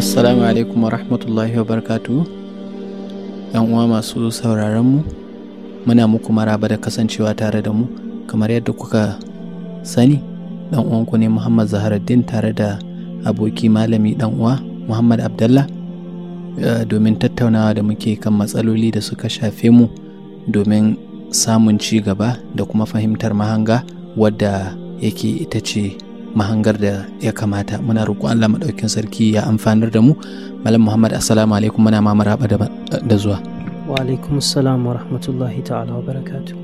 assalamu alaikum wa wa barkatu. yan uwa masu sauraron mu muna muku maraba da kasancewa tare da mu kamar yadda kuka sani dan uwanku ne muhammad zaharuddin tare da aboki malami dan uwa muhammad abdallah eh, domin tattaunawa da muke kan matsaloli da suka shafe mu domin samun ci gaba da kuma fahimtar mahanga wadda yake ita ce mahangar da ya kamata muna roƙo Allah maɗaukin sarki ya amfanar da mu malam Muhammad assalamu alaikum muna ma maraba da zuwa wa alaikum assalam wa rahmatullahi ta'ala wa barakatuh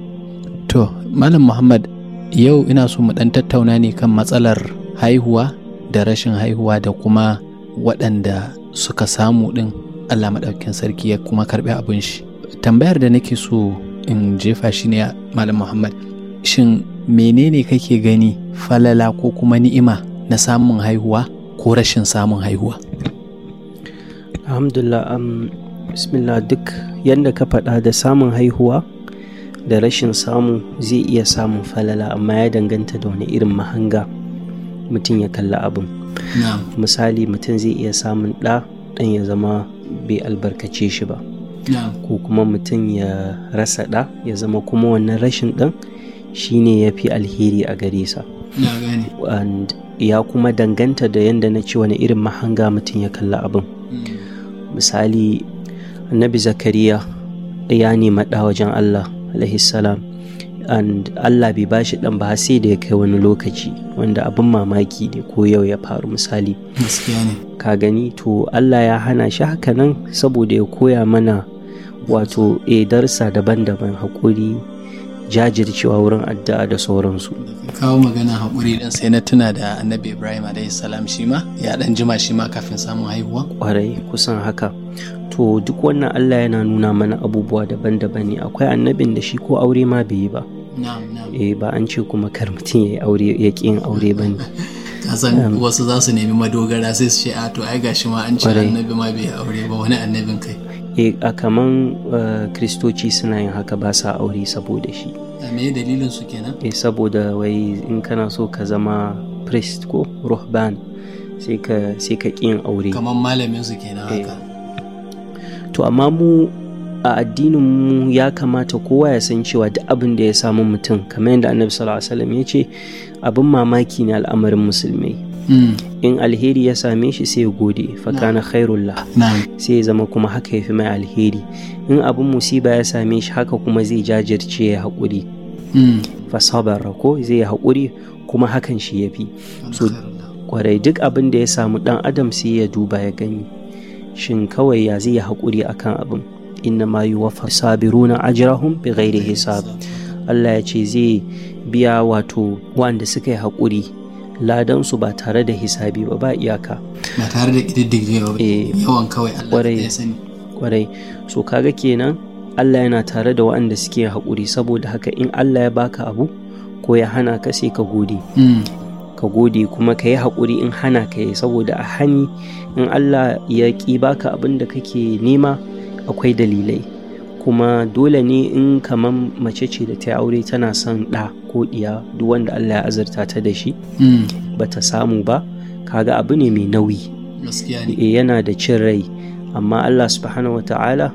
to malam Muhammad yau ina so mu dan tattauna ne kan matsalar haihuwa da rashin haihuwa da kuma waɗanda suka samu ɗin Allah maɗaukin sarki ya kuma karɓi abin shi tambayar da nake so in jefa shi ne malam Muhammad shin menene kake gani falala ko kuma ni'ima na samun haihuwa ko rashin samun haihuwa alhamdulillah um, bismillah duk yadda ka faɗa da samun haihuwa da rashin samu zai iya samun falala amma ya danganta da wani irin mahanga mutum ya kalli abin misali mutum zai iya samun ɗa ɗan ya zama bai albarkace shi ba ko kuma mutum ya rasa ɗa ya zama kuma wannan rashin ɗan Shi ne ya fi alheri a gare sa ya kuma danganta da yadda na ce wani irin mahanga mutum ya kalla abin hmm. misali annabi zakariya ya nema ɗa wajen allah alaihissalam. and allah bai ba shi ɗan ba sai da ya kai wani lokaci wanda abin mamaki ne ko yau ya faru misali ka gani to allah ya hana shi haka nan saboda ya koya mana wato e darsa daban-daban haƙuri jajircewa wurin addu'a da sauransu kawo magana haƙuri dan sai na tuna da annabi ibrahim alayhi salam shi ma ya dan jima shi ma kafin samun haihuwa kwarai kusan haka to duk wannan allah yana nuna mana abubuwa daban-daban ne akwai annabin da shi ko aure ma bai yi ba eh ba an ce kuma kar mutum ya aure ya ƙi yin aure ba ne kasan wasu za su nemi madogara sai su ce a to ai gashi ma an ce annabi ma bai aure ba wani annabin kai E, a kaman eh, kristoci suna yin haka ba sa aure saboda shi a me dalilin su kenan eh saboda wai in kana so ka zama priest ko ruhban sai ka sai ka kin aure kaman malamin su kenan e. haka to amma mu a addinin mu ya kamata kowa ya san cewa duk abin da ya samu mutum kamar yadda annabi sallallahu alaihi wasallam ya ce abin mamaki ne al'amarin musulmai Mm. in alheri ya same shi sai ya gode fakana khairullah sai ya zama kuma haka ya fi mai alheri in abin musiba ya same shi haka kuma zai jajirce ya haƙuri mm. fasabar ko zai haƙuri kuma hakan shi ya fi so kwarai duk abin da ya samu dan adam sai ya duba ya gani shin kawai ya zai haƙuri akan abin inna ma yuwaffa sabiruna ajrahum bighairi hisab Allah ya ce zai biya wato wanda suka yi haƙuri ladansu ba tare da hisabi ba ba iyaka ba tare da ƙididdige ba eh, yawan kawai Allah ya sani kwarai so kaga kenan Allah yana tare da waɗanda suke haƙuri saboda haka in Allah ya baka abu ko ya hana ka sai ka gode hmm. ka gode kuma ka yi haƙuri in hana ka yi saboda a hani in Allah ya ƙi baka abin da kake nema akwai dalilai kuma dole ne in kamar mace ce da ta aure tana son ɗa ko ɗiya duk wanda Allah ya azurta ta da shi hmm. ba ta samu ba kaga abu ne mai nauyi eh, yana da cin rai amma Allah subhanahu ta'ala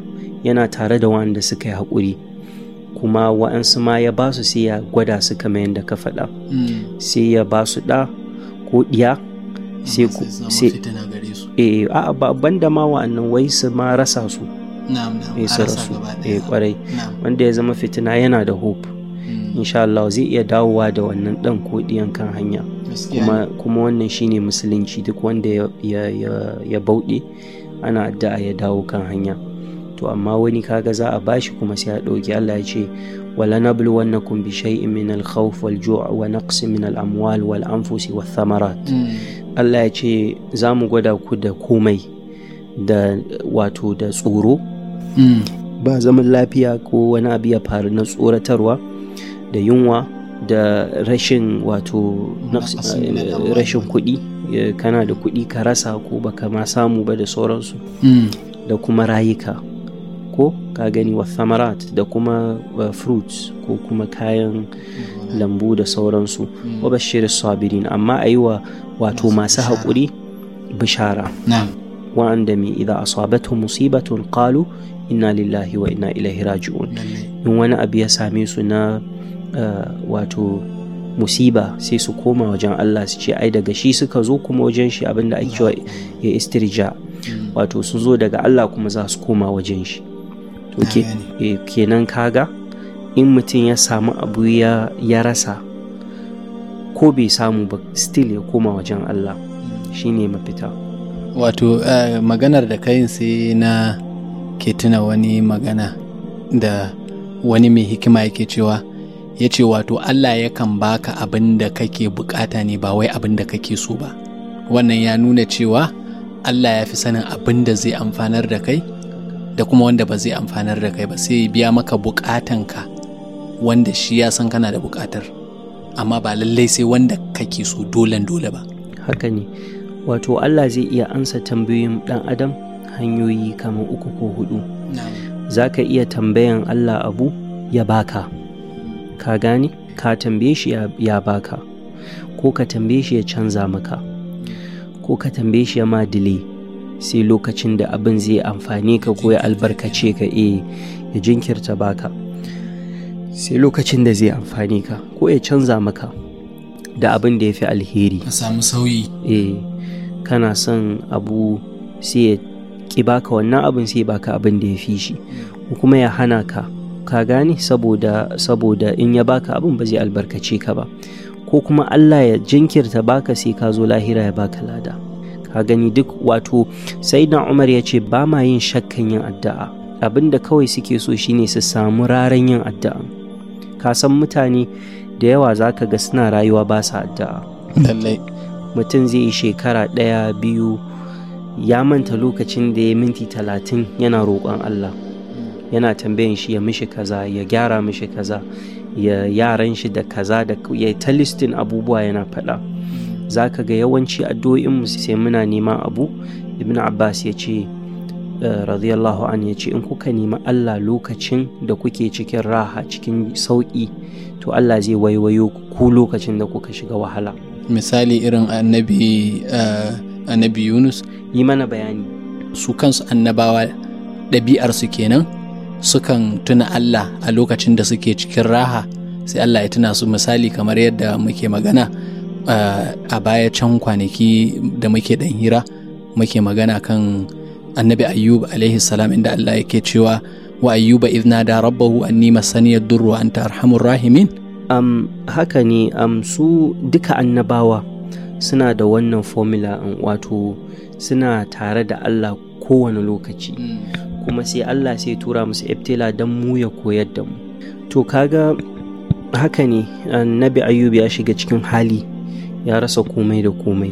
yana tare da wanda suka yi haƙuri kuma wa'ansu ma ya ba su sai ya gwada su kamar yadda ka faɗa hmm. sai ya ba su ɗa ko ɗiya sai ku sai a eh, ban da ma wa'annan wai su ma rasa su ya su rasu eh, ya kwarai wanda ya zama fitina yana da hope hmm. insha Allah zai iya dawowa da wannan dan ko kan hanya kuma kuma wannan shine musulunci duk wanda ya ya bauɗe ana addu'a ya dawo kan hanya to amma wani kaga za a bashi kuma sai a ɗauki Allah ya ce wala nablu wannakum bi shay'in min al-khawf wal ju' wa naqs min al-amwal wal anfus wath thamarat hmm. Allah ya ce za mu gwada ku da komai da wato da tsoro mm. ba zaman lafiya ko wani abu ya faru na tsoratarwa da yunwa da rashin wato rashin kuɗi kana da kuɗi ka rasa ko baka ma samu ba da sauransu mm. da kuma rayuka ko ka gani wa thamarat da kuma uh, fruits ko kuma kayan lambu da sauransu mm. wa bashirin sabirin amma a yi wa wato masu haƙuri bishara wa'anda mai idan asabatu musibatun qalu Ina lillahi wa inna ilaihi raji'un in wani abu ya same su na wato musiba sai su koma wajen Allah su ce ai daga shi suka zo kuma wajen shi abinda ake cewa ya istirja wato sun zo daga Allah kuma za su koma wajen shi to kenan kaga in mutum ya samu abu ya rasa ko bai samu ba still ya koma wajen Allah shine mafita wato eh, maganar da kayin sai na ke tuna wani magana da wani mai hikima yake cewa ya ce wato Allah yakan baka abin da kake bukata ne ba wai abin da kake so ba wannan ya nuna cewa Allah ya fi sanin abin da zai amfanar da kai da kuma wanda ba zai amfanar da kai ba sai biya maka bukatanka wanda shi ya san kana da bukatar amma ba lallai sai wanda kake so dolen dole ba haka ne wato Allah zai iya ansa tambayoyin ɗan adam hanyoyi kamar uku ko hudu za ka iya tambayan Allah abu ya baka ka gane ka tambaye shi ya baka ko ka tambaye shi ya canza maka ko ka tambaye shi ya ma dile sai lokacin da abin zai amfani ka ko ya albarkace ka e ya jinkirta baka sai lokacin da zai amfani ka ko ya canza maka da abin da ya fi alheri ka samu sauyi eh kana son abu sai ya ki baka wannan abin sai baka abin da ya fi shi kuma ya hana ka ka gani saboda in ya baka abin ba zai albarkace ka ba ko kuma Allah ya jinkirta baka sai ka zo lahira ya baka lada ka gani duk wato sai sayyidina Umar ya ce ba ma yin shakkan yin addu'a abin da kawai suke so shine su samu raran yin addu'a ka san mutane da yawa zaka ga suna rayuwa ba sa addu'a lallai mutum zai yi shekara ɗaya biyu ya manta lokacin da ya minti talatin yana roƙon Allah yana tambayin shi ya mishi kaza ya gyara mishi kaza ya yaran shi da kaza da ya ta listin abubuwa yana faɗa za ka ga yawanci addu'o'in mu sai muna neman abu ibn abbas ya ce eh, radiyallahu an ya ce in kuka nemi allah lokacin da kuke cikin raha cikin sauƙi to allah zai waiwayo ku lokacin da kuka shiga wahala misali irin annabi eh, annabi yunus yi mana bayani su kansu annabawa ɗabi'arsu kenan sukan tuna allah a lokacin da suke cikin raha sai allah ya tuna su misali kamar yadda muke magana eh, a baya can kwanaki da muke ɗan hira muke magana kan annabi ayyub alaihi salam inda allah yake cewa wa ayyuba idh nada rabbahu anni masaniya durru anta arhamur rahimin um, haka ne um, su duka annabawa suna da wannan formula um, wato suna tare da allah kowane lokaci mm. kuma sai allah sai tura musu iftila don mu ya koyar da mu to kaga haka ne annabi ayyub ya shiga cikin hali ya rasa komai da komai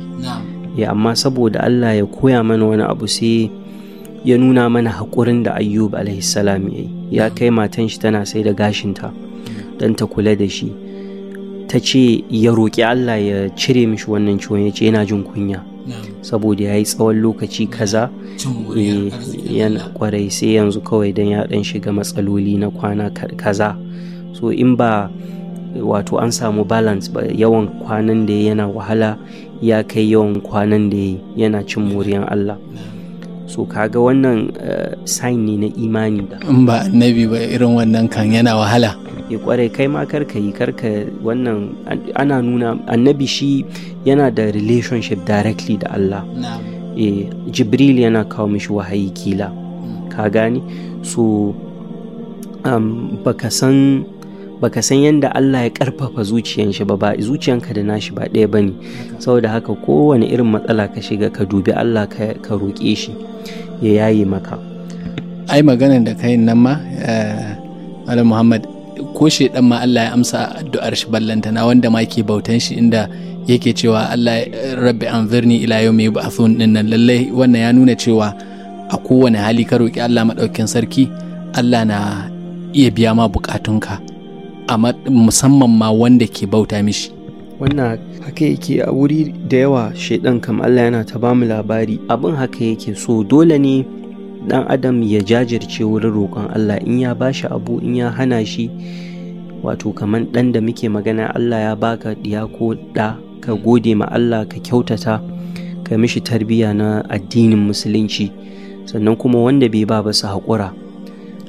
ya amma saboda allah ya koya mana wani abu sai ya nuna mana haƙurin da ayyub alaihissalam ya ya kai matan shi tana sai da gashinta don ta kula da shi ta ce ya roƙi Allah ya cire mishi wannan ciwon ya ce yana jin kunya saboda ya yi tsawon lokaci kaza eh, yana kwarai sai yanzu kawai don ya dan shiga matsaloli na kwana kaza so in ba wato an samu balance ba yawan kwanan da yana wahala ya kai yawan kwanan da yana cin muriyan Allah so kaga wannan eh, sign ne na imani in ba annabi ba irin wannan kan yana wahala ya kware kai ma karka yi karka wannan ana nuna annabi shi yana da relationship directly da Allah e, jibril yana kawo mishi wahayi kila hmm. ka gani so um, baka san baka san yadda Allah ya karfafa zuciyan shi ba ba zuciyanka da nashi ba ɗaya bane saboda haka kowane irin matsala ka shiga ka dubi Allah ka, ka roƙe shi ya yaye maka ai maganar da kai nan ma uh, Muhammad koshe dan ma Allah ya amsa addu'ar shi ballantana wanda ma ke bautan shi inda yake cewa Allah rabbi anzirni ila yawmi yub'athun din nan lalle wannan ya nuna cewa a kowane hali ka roki Allah madaukin sarki Allah na iya biya ma bukatunka amma musamman ma wanda ke bauta mishi wannan haka yake a wuri da yawa shaidan kam Allah yana ta bamu labari abin haka yake so dole ne dan adam ya jajirce wurin roƙon Allah in ya bashi abu in ya hana shi wato kaman ɗan da muke magana Allah ya baka ɗiya ko ɗa ka gode ma Allah ka kyautata ka mishi tarbiyya na addinin musulunci sannan kuma wanda bai ba ba su haƙura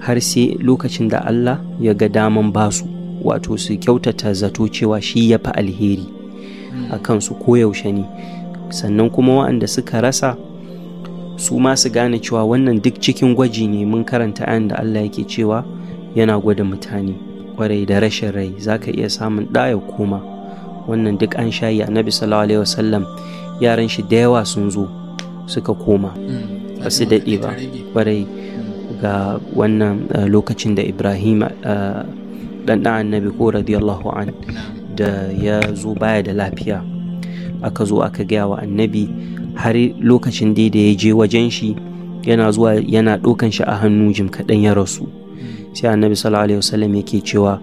har sai lokacin da Allah ya ga daman basu wato su kyautata zato cewa shi ya fi alheri a kansu koyaushe ne sannan kuma waɗanda suka rasa su ma su gane cewa wannan duk cikin gwaji ne mun karanta ayan da Allah yake cewa yana gwada mutane kwarai da rashin rai za ka iya samun ɗaya koma wannan duk an shayi annabi sallallahu alaihi wasallam yaran shi da yawa sun zo suka koma hmm. ba su daɗe ba kwarai ga wannan uh, lokacin da ibrahim ɗanɗan uh, annabi ko radiyallahu an da ya zo baya da lafiya aka zo aka gaya wa annabi har lokacin da ya je wajen shi yana zuwa yana ɗaukan shi a hannu jim kaɗan ya rasu sai annabi sallallahu alaihi wasallam yake cewa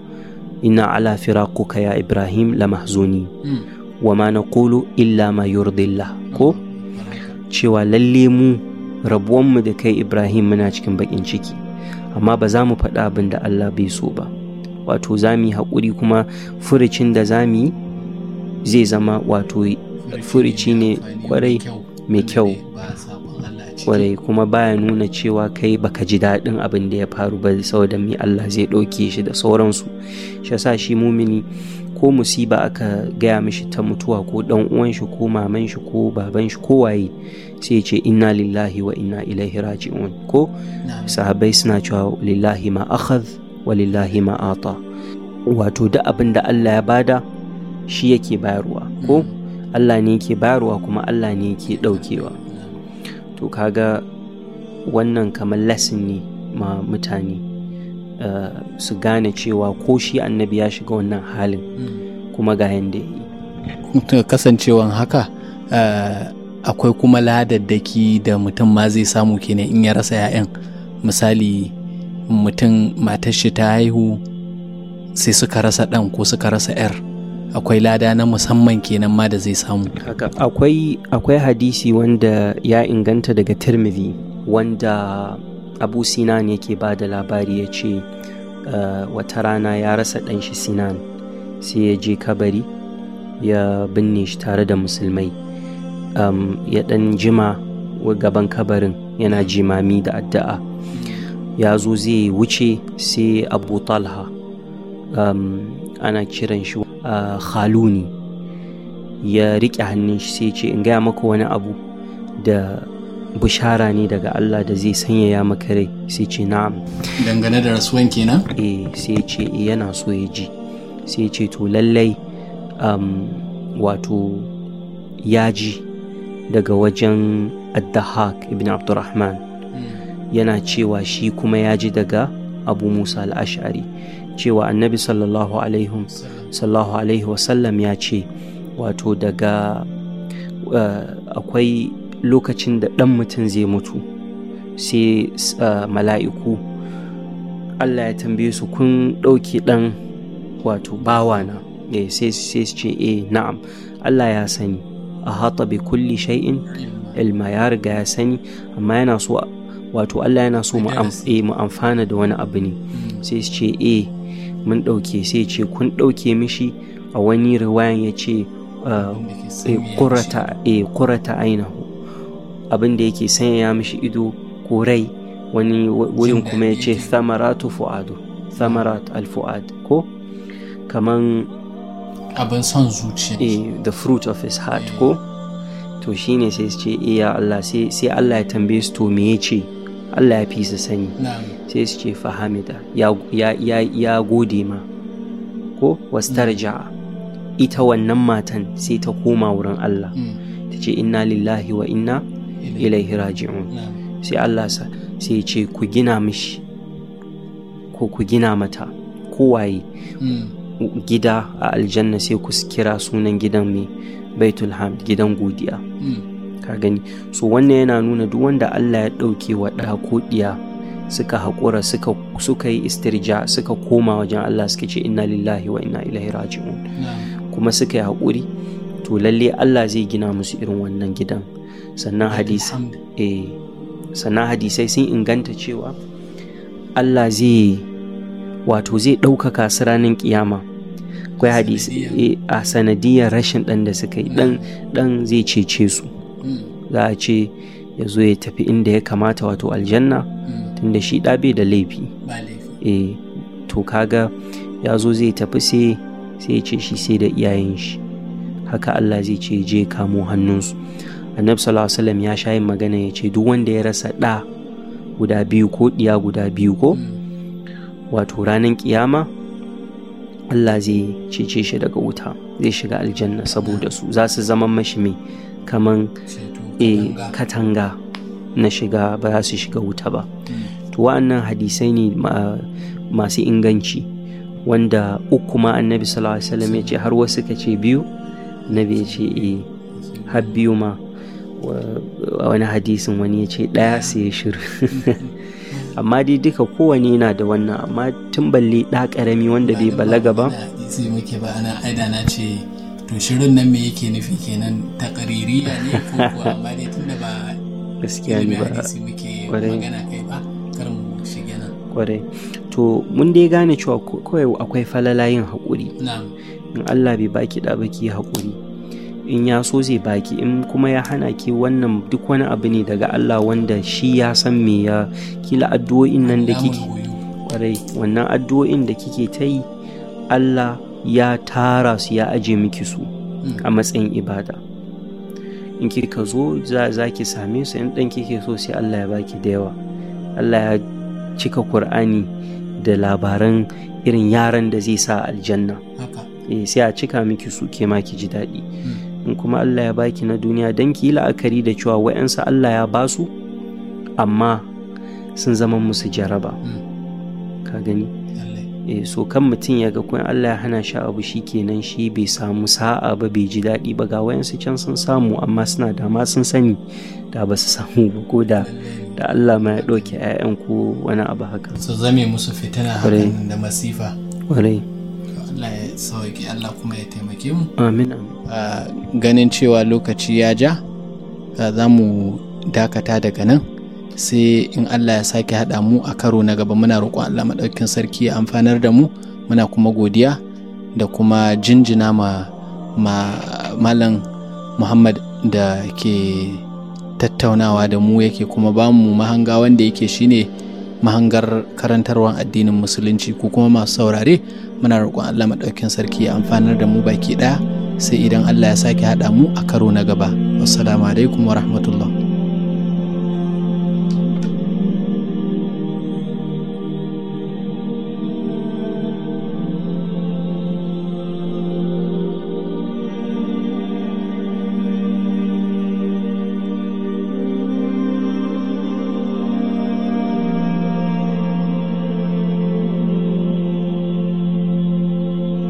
ina ala firaquka ya ibrahim la mahzuni hmm. wa ma naqulu illa ma yurdillah ko hmm. cewa lalle mu rabuwan mu da kai ibrahim muna cikin bakin ciki amma ba za mu faɗa abin da allah bai so ba wato za mu haƙuri kuma furicin da za zai zama wato furici ne kwarai mai kyau kwarai kuma baya nuna cewa kai baka ji daɗin abin da ya faru ba saboda mi Allah zai ɗauke shi da sauransu shi yasa shi mumini ko musiba aka gaya mishi ta mutuwa ko dan uwan shi ko maman shi ko baban shi ko waye sai ce inna lillahi wa inna ilaihi raji'un ko sahabbai suna cewa lillahi ma akhadh wa lillahi ma ata wato duk abin da Allah ya bada shi yake bayarwa ko mm. Allah ne yake bayarwa kuma Allah ne yake daukewa to kaga wannan kamar lesson ne ma mutane eh, su gane cewa ko shi annabi ya shiga wannan halin mm. kuma ga yadda yi kasancewan haka uh, akwai kuma ladaddaki da mutum ma zai samu kenan in ya rasa 'ya'yan misali mutum matar shi ta haihu sai suka rasa ɗan ko suka rasa 'yar akwai lada na musamman kenan ma da zai samu akwai hadisi wanda ya inganta daga tirmidhi wanda abu sinan yake ba da labari ya ce eh, wata rana ya rasa ɗan shi sinan sai ya je kabari ya binne shi tare da musulmai um, ya ɗan jima gaban kabarin yana jimami da addu'a ya zo zai wuce sai abu talha ana kiran shi khaluni ya riƙe hannun shi sai ce in gaya maka wani abu da bishara ne daga Allah da zai sanyaya maka rai sai ce na'am dangane da rasuwan kenan eh sai ce eh, yana so ya ji sai ce to lallai um, wato ya ji daga wajen addahak ibn abdurrahman hmm. yana cewa shi kuma ya ji daga abu musa Al ash'ari cewa annabi sallallahu alaihi wasallam ya ce wato daga eh, akwai lokacin da ɗan mutum zai mutu sai eh, mala'iku allah ya tambaye su kun ɗauki ɗan wato bawana eh, sai su ce eh na'am allah ya sani a hata bi kulli shay'in ilma ya riga ya sani amma yana so wato allah yana so mu amfana da wani abu ne mm. sai su ce e mun ɗauke sai ce kun ɗauke mishi a wani riwayan ya ce kurata ah, eh, eh, ainihu abin da yake sanya mishi ido ko rai wani wurin kuma ya ce samaratu fu'adu samarat al-fu'ad ko kaman abin son zuciya eh, the fruit of his heart ko to shine sai ce iya Allah sai Allah ya tambaye su to me ce Allah ya fi sani na'am sai su ce fahamida ya gode ma ko wastarja'a ita wannan matan sai ta koma wurin Allah hmm. ta ce inna lillahi wa inna ilaihi raji'un sai Allah sai ce ku gina mishi ko ku gina mata kowaye hmm. gida a aljanna sai ku kira sunan gidan mai baitul hamd gidan godiya hmm. ka gani so wannan yana nuna duk wanda Allah ya ɗauke wa ɗa ɗiya suka haƙura suka yi istirja suka koma wajen Allah suka ce inna lillahi wa inna ilaihi raji'un kuma suka yi haƙuri to lalle Allah zai gina musu irin wannan gidan sannan hadisi eh sannan hadisai sun inganta cewa Allah zai wato zai ɗaukaka su ranar kiyama akwai hadisi eh, a sanadiyar rashin ɗan da suka yi ɗan zai cece su mm. za a ce ya zo ya tafi inda ya kamata wato aljanna mm. tunda shi ɗa bai da laifi E, to kaga ya zo zai tafi sai ya ce shi sai da iyayen shi haka Allah zai ce je kamo hannunsu annabi sallallahu alaihi wasallam ya sha yin magana ya ce duk wanda ya rasa ɗa guda biyu ko ɗiya guda biyu ko hmm. wato ranar kiyama Allah zai cece shi daga wuta zai shiga aljanna saboda su za su zama mashi mai kaman e, katanga. na shiga ba za su shiga wuta ba to wa'annan hadisai ne masu inganci wanda uku ma annabi sallallahu alaihi ya ce har wasu ka ce biyu annabi ya ce eh har biyu ma wani hadisin wani ya ce ɗaya sai ya shiru amma dai duka kowane yana da wannan amma tun balle ɗa ƙarami wanda bai balaga ba to shirin nan me yake nufi kenan takaririya ne ko amma dai da ba gaskiya ne ba kwarai to mun dai gane cewa kawai akwai falalayin haƙuri in Allah bai baki da baki haƙuri in ya so zai baki in kuma ya hana ki wannan duk wani abu ne daga Allah wanda shi ya san me ya kila addu'o'in nan da kike kwarai wannan addu'o'in da kike ta yi Allah ya tara su ya ajiye miki su hmm. a matsayin ibada in ka zo za ki same su in ɗan kike so sai Allah ya baki da yawa Allah ya cika Kur'ani da labaran irin yaran da zai sa aljanna eh, sai a cika miki su ke ki ji daɗi hmm. in kuma Allah ya baki na duniya dan ki yi la'akari da cewa wa'yansu Allah ya basu amma sun zama musu jaraba hmm. ka gani Eh, so kan mutum ya ga kun Allah ya hana shi abu shi kenan shi bai samu sa'a ba bai ji daɗi ba ga wayansu can sun samu amma suna da ma sun sani da ba su samu ba ko da da Allah ma ya ɗauke 'ya'yan ko wani abu haka su zame musu fitina hakan da masifa ƙwarai Allah ya sauke Allah kuma ya taimake mu amin ah, ganin cewa lokaci ya ja za mu dakata daga nan sai in Allah ya sake haɗa mu a karo na gaba muna roƙon Allah maɗaukin sarki ya amfanar da mu muna kuma godiya da kuma jinjina ma malam Muhammad da ke tattaunawa da mu yake kuma ba mu mahanga wanda yake shine mahangar karantarwar addinin musulunci ko kuma masu saurare muna roƙon Allah maɗaukin sarki ya amfanar da mu baki ɗaya sai idan Allah ya sake haɗa mu a karo na gaba wassalamu alaikum wa rahmatullah